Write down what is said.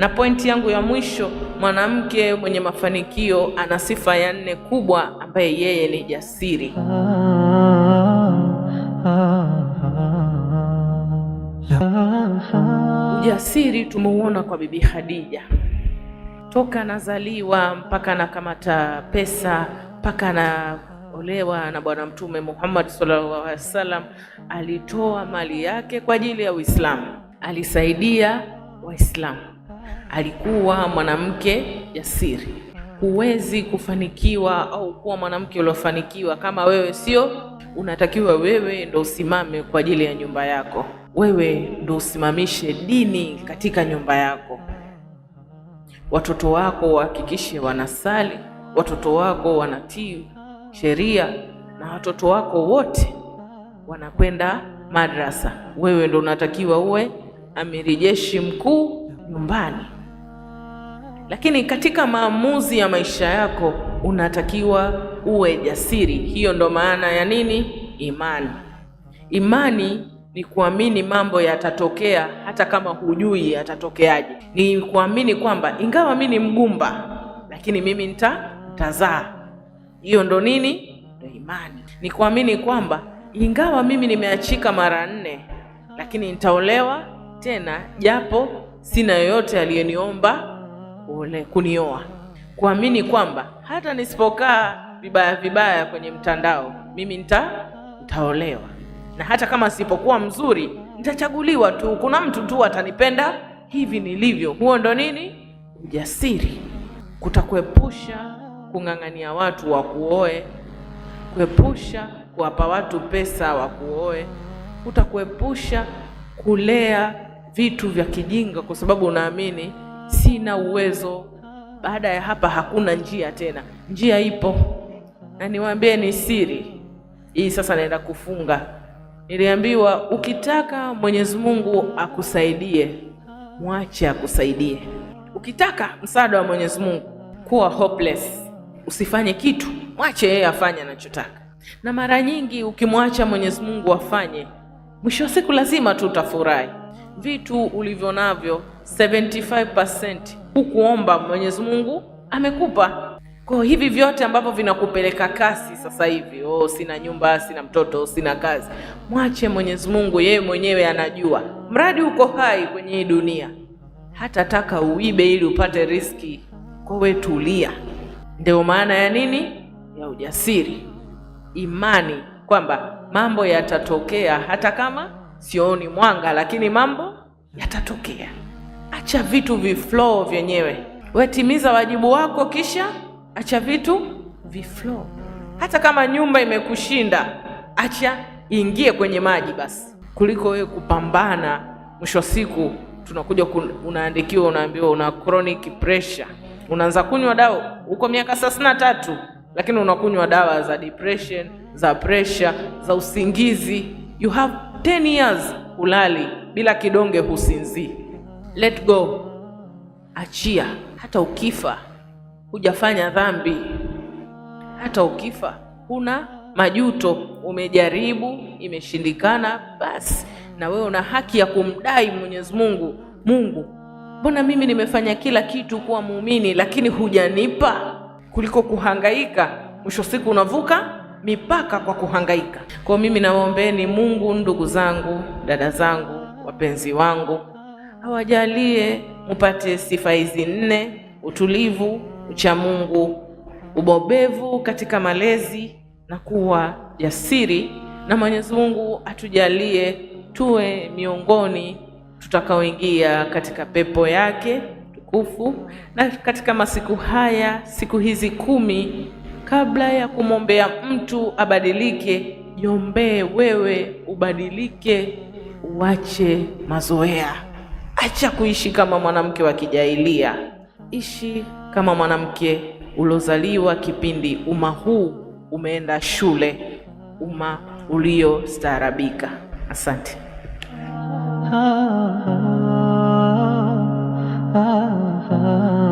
Na pointi yangu ya mwisho, mwanamke mwenye mafanikio ana sifa ya nne kubwa, ambaye yeye ni jasiri. Ujasiri tumeuona kwa Bibi Khadija, toka anazaliwa mpaka anakamata pesa mpaka na olewa na Bwana Mtume Muhammad sallallahu alaihi wasallam. Alitoa mali yake kwa ajili ya Uislamu, alisaidia Waislamu alikuwa mwanamke jasiri. Huwezi kufanikiwa au kuwa mwanamke uliofanikiwa kama wewe sio, unatakiwa wewe ndo usimame kwa ajili ya nyumba yako, wewe ndo usimamishe dini katika nyumba yako. Watoto wako wahakikishe wanasali, watoto wako wanatii sheria, na watoto wako wote wanakwenda madrasa. Wewe ndo unatakiwa uwe amiri jeshi mkuu nyumbani. Lakini katika maamuzi ya maisha yako unatakiwa uwe jasiri. Hiyo ndo maana ya nini? Imani. Imani ni kuamini mambo yatatokea hata kama hujui yatatokeaje. Ni kuamini kwamba ingawa mimi ni mgumba, lakini mimi nita Hiyo ndo nini? Ndo imani. Ni kuamini kwamba ingawa mimi nimeachika mara nne, lakini nitaolewa tena japo sina yoyote aliyeniomba ole kunioa, kuamini kwamba hata nisipokaa vibaya vibaya kwenye mtandao mimi nita nitaolewa, na hata kama sipokuwa mzuri nitachaguliwa tu, kuna mtu tu atanipenda hivi nilivyo. Huo ndo nini ujasiri, kutakuepusha kung'ang'ania watu wakuoe, kuepusha kuwapa watu pesa wakuoe, kutakuepusha kulea vitu vya kijinga, kwa sababu unaamini sina uwezo. Baada ya hapa hakuna njia tena, njia ipo, na niwaambie ni siri hii. Sasa naenda kufunga. Niliambiwa ukitaka Mwenyezi Mungu akusaidie, mwache akusaidie. Ukitaka msaada wa Mwenyezi Mungu, kuwa hopeless, usifanye kitu, mwache yeye afanye anachotaka. Na mara nyingi ukimwacha Mwenyezi Mungu afanye, mwisho wa siku lazima tu utafurahi vitu ulivyo navyo 75% hukuomba, Mwenyezi Mungu amekupa. Kwa hivi vyote ambavyo vinakupeleka kasi sasa hivi, oh, sina nyumba, sina mtoto, sina kazi, mwache Mwenyezi Mungu, yeye mwenyewe anajua. Mradi uko hai kwenye hii dunia, taka uibe ili upate riski. Kwa we tulia, ndio maana ya nini ya ujasiri, imani kwamba mambo yatatokea hata kama sioni mwanga, lakini mambo yatatokea. Acha vitu viflow vyenyewe, wetimiza wajibu wako, kisha acha vitu viflow. Hata kama nyumba imekushinda, acha ingie kwenye maji basi, kuliko wewe kupambana. Mwisho wa siku tunakuja unaandikiwa, unaambiwa una chronic pressure, unaanza kunywa dawa uko miaka thelathini na tatu lakini unakunywa dawa za depression, za pressure, za usingizi you have 10 years hulali bila kidonge, husinzii. Let go, achia. Hata ukifa hujafanya dhambi, hata ukifa huna majuto. Umejaribu, imeshindikana, basi na wewe una haki ya kumdai Mwenyezi Mungu, Mungu, mbona mimi nimefanya kila kitu kuwa muumini, lakini hujanipa? Kuliko kuhangaika, mwisho siku unavuka mipaka kwa kuhangaika. Kwa mimi nawaombeeni Mungu, ndugu zangu, dada zangu, wapenzi wangu, awajalie mupate sifa hizi nne: utulivu, uchamungu, ubobevu katika malezi na kuwa jasiri, na Mwenyezi Mungu atujalie tuwe miongoni tutakaoingia katika pepo yake tukufu, na katika masiku haya, siku hizi kumi kabla ya kumwombea mtu abadilike, jiombee wewe ubadilike, uache mazoea. Acha kuishi kama mwanamke wa kijailia, ishi kama mwanamke uliozaliwa kipindi umma huu umeenda shule, umma uliostaarabika. Asante. Ah, ah, ah, ah. ah, ah.